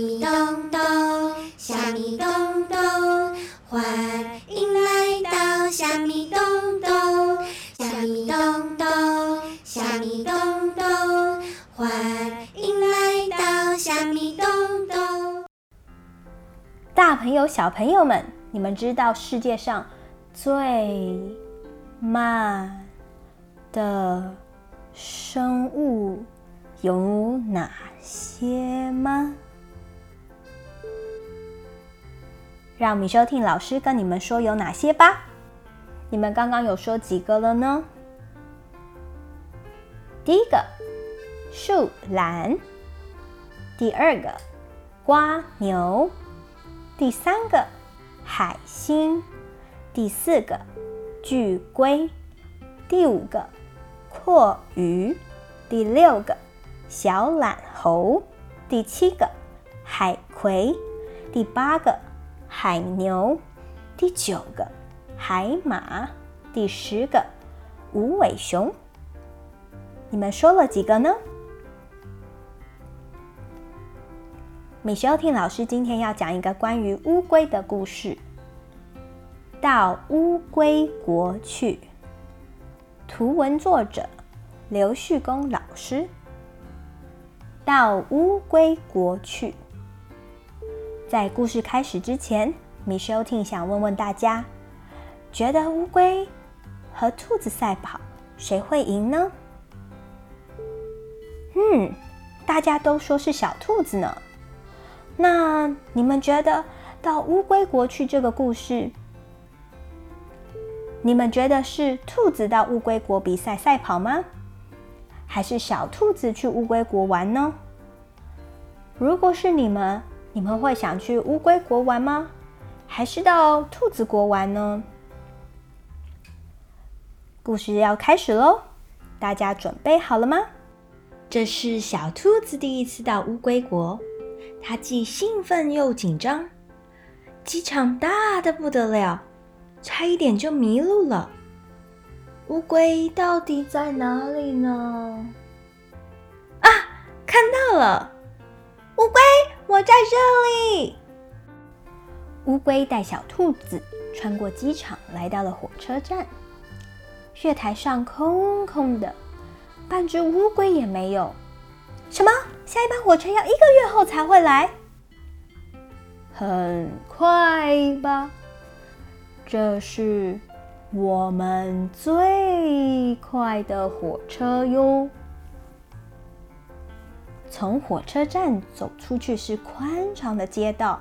蝦米咚咚，蝦米咚咚，歡迎來到蝦米咚咚。蝦米咚咚，蝦米咚咚，歡迎來到蝦米咚咚。大朋友、小朋友們，你們知道世界上最慢的生物有哪些嗎？讓米修收聽老師跟你們說有哪些吧。你們剛剛有說幾個了呢？第一個樹懶，第二個蝸牛，第三個海星，第四個巨龜，第五個蛞蝓，第六個小懶猴，第七個海葵，第八個。海牛，第九個；海馬，第十個；無尾熊。你們說了幾個呢？米修汀老師今天要講一個關於烏龜的故事。到烏龜國去。圖文作者：劉旭恭老師。到烏龜國去。在故事開始之前，Michelle Ting 想問問大家：覺得烏龜和兔子賽跑，誰會贏呢？嗯，大家都說是小兔子呢。那你們覺得到烏龜國去這個故事，你們覺得是兔子到烏龜國比賽賽跑嗎？還是小兔子去烏龜國玩呢？如果是你們。你們會想去烏龜國玩嗎？還是到兔子國玩呢？故事要開始嘍！大家準備好了嗎？這是小兔子第一次到烏龜國，它既興奮又緊張。機場大得不得了，差一點就迷路了。烏龜到底在哪裡呢？啊，看到了！烏龜。我在這裡。烏龜帶小兔子穿過機場，來到了火車站。月台上空空的，半隻烏龜也沒有。什麼？下一班火車要一個月後才會來？很快吧？這是我們最快的火車喲。從火車站走出去是寬敞的街道，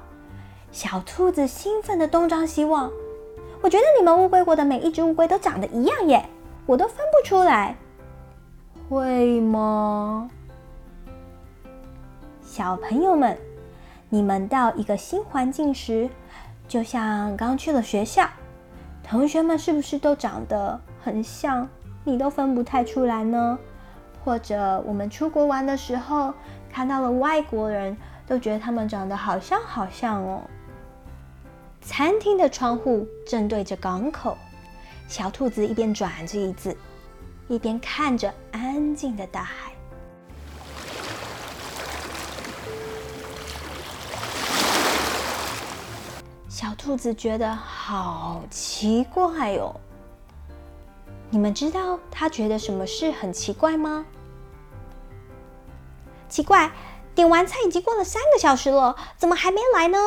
小兔子興奮的東張西望。我覺得你們烏龜國的每一隻烏龜都長得一樣耶，我都分不出來。會嗎？小朋友們，你們到一個新環境時，就像剛去了學校，同學們是不是都長得很像，你都分不太出來呢？或者我們出國玩的時候，看到了外國人都覺得他們長得好像好像哦。餐廳的窗戶正對着港口，小兔子一邊轉着椅子，一邊看着安靜的大海。小兔子覺得好奇怪哦。你們知道他覺得什麼事很奇怪嗎？奇怪，點完菜已經過了三個小時了，怎麼還沒來呢？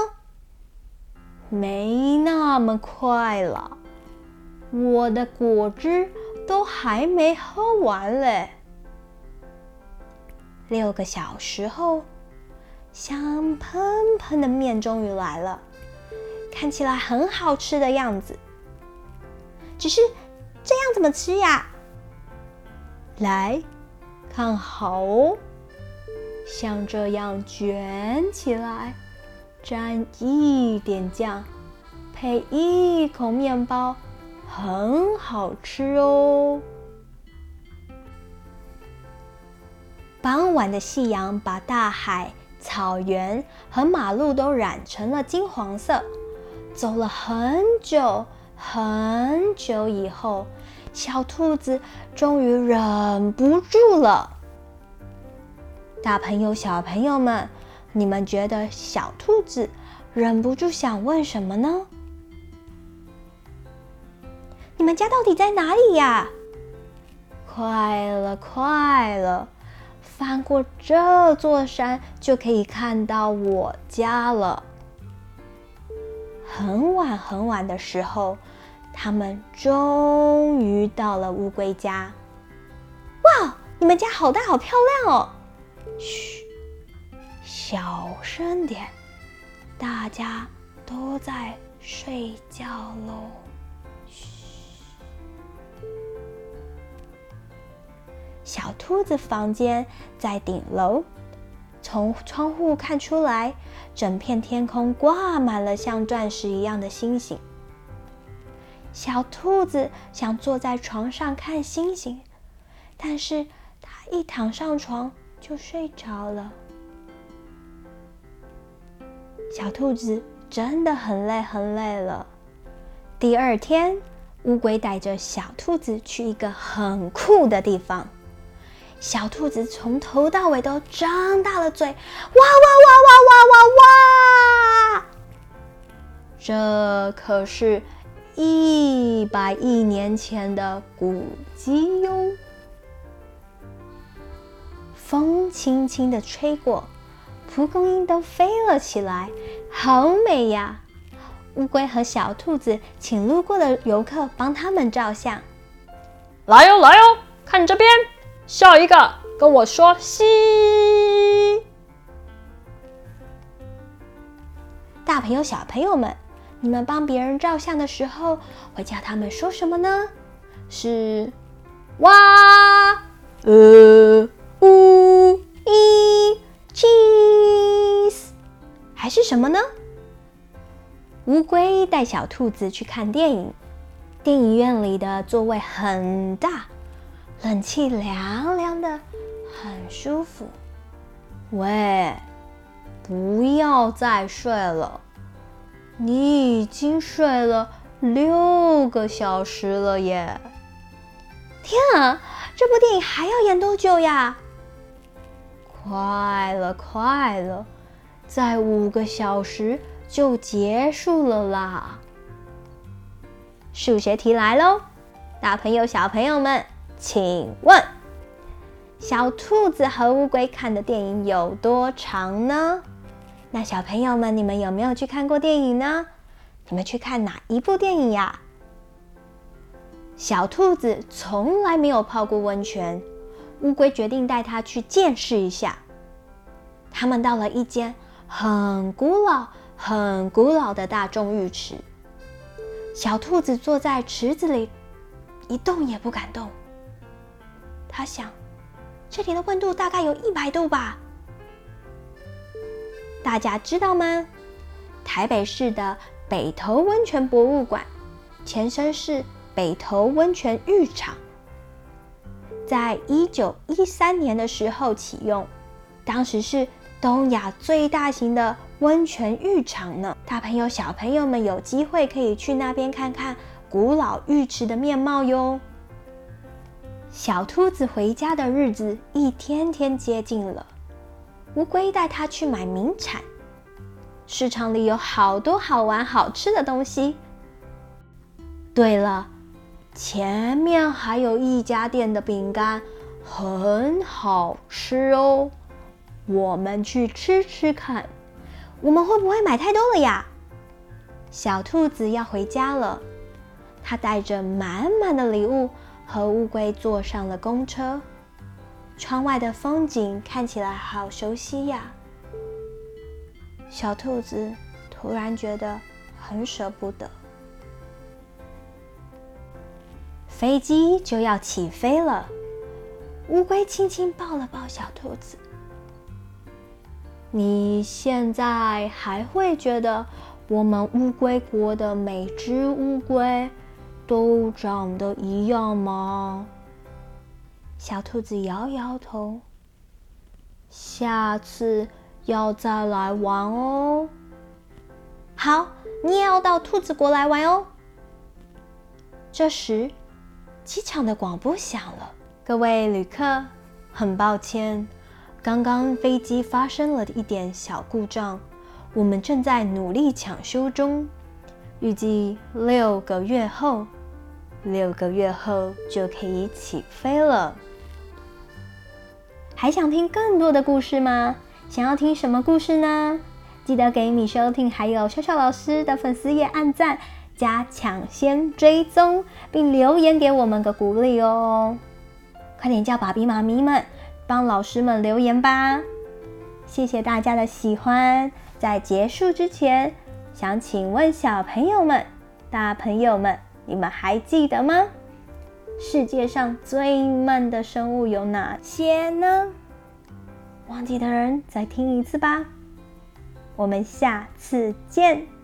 沒那麼快了，我的果汁都還沒喝完嘞。六個小時後，香噴噴的面終於來了，看起來很好吃的樣子，只是。這樣怎麼吃呀？來，看好哦，像這樣捲起來，沾一點醬，配一口麵包，很好吃哦。傍晚的夕陽把大海、草原和馬路都染成了金黃色。走了很久。很久以後，小兔子終於忍不住了。大朋友、小朋友們，你們覺得小兔子忍不住想問什麼呢？你們家到底在哪裡呀？快了，快了，翻過這座山就可以看到我家了。很晚很晚的時候。他們終於到了烏龜家。哇，你們家好大，好漂亮哦！噓，小聲點，大家都在睡覺嘍。噓，小兔子房間在頂樓，從窗戶看出來，整片天空掛滿了像鑽石一樣的星星。小兔子想坐在床上看星星，但是它一躺上床就睡着了。小兔子真的很累很累了。第二天，烏龜帶着小兔子去一個很酷的地方。小兔子從頭到尾都張大了嘴：“哇哇哇哇哇哇哇！”這可是……一百億年前的古蹟喲，風輕輕地吹過，蒲公英都飛了起來，好美呀！烏龜和小兔子請路過的游客幫他們照相，來哦來哦，看這邊，笑一個，跟我說“西”，大朋友小朋友們。你們幫別人照相的時候，會叫他們說什麼呢？是哇呃嗚一七，還是什麼呢？烏龜帶小兔子去看電影，電影院裡的座位很大，冷氣涼涼的，很舒服。喂，不要再睡了。你已經睡了六個小時了耶！天啊，這部電影還要演多久呀？快了，快了，再五個小時就結束了啦。數學題來嘍，大朋友、小朋友們，請問，小兔子和烏龜看的電影有多長呢？那小朋友們，你們有沒有去看過電影呢？你們去看哪一部電影呀、啊？小兔子從來沒有泡過溫泉，烏龜決定帶它去見識一下。他們到了一間很古老、很古老的大眾浴池。小兔子坐在池子裡，一動也不敢動。他想，這裡的溫度大概有一百度吧。大家知道嗎？台北市的北投溫泉博物館，前身是北投溫泉浴場，在一九一三年的時候啟用，當時是東亞最大型的溫泉浴場呢。大朋友、小朋友們有機會可以去那邊看看古老浴池的面貌喲。小兔子回家的日子一天天接近了。烏龜帶它去買名產，市場裡有好多好玩、好吃的東西。對了，前面還有一家店的餅乾很好吃哦，我們去吃吃看。我們會不會買太多了呀？小兔子要回家了，它帶着滿滿的禮物和烏龜坐上了公車。窗外的風景看起來好熟悉呀，小兔子突然覺得很捨不得。飛機就要起飛了，烏龜輕輕抱了抱小兔子。你現在還會覺得我們烏龜國的每隻烏龜都長得一樣嗎？小兔子搖搖頭。下次要再來玩哦。好，你也要到兔子國來玩哦。這時，機場的廣播響了。各位旅客，很抱歉，剛剛飛機發生了一點小故障，我們正在努力搶修中，預計六個月後，六個月後就可以起飛了。還想聽更多的故事嗎？想要聽什麼故事呢？記得給米收聽，還有小小老師的粉絲頁按贊、加搶先追蹤，並留言給我們個鼓勵哦！快點叫爸比媽咪們幫老師們留言吧！謝謝大家的喜歡。在結束之前，想請問小朋友們、大朋友們，你們還記得嗎？世界上最慢的生物有哪些呢？忘記的人再聽一次吧。我們下次見。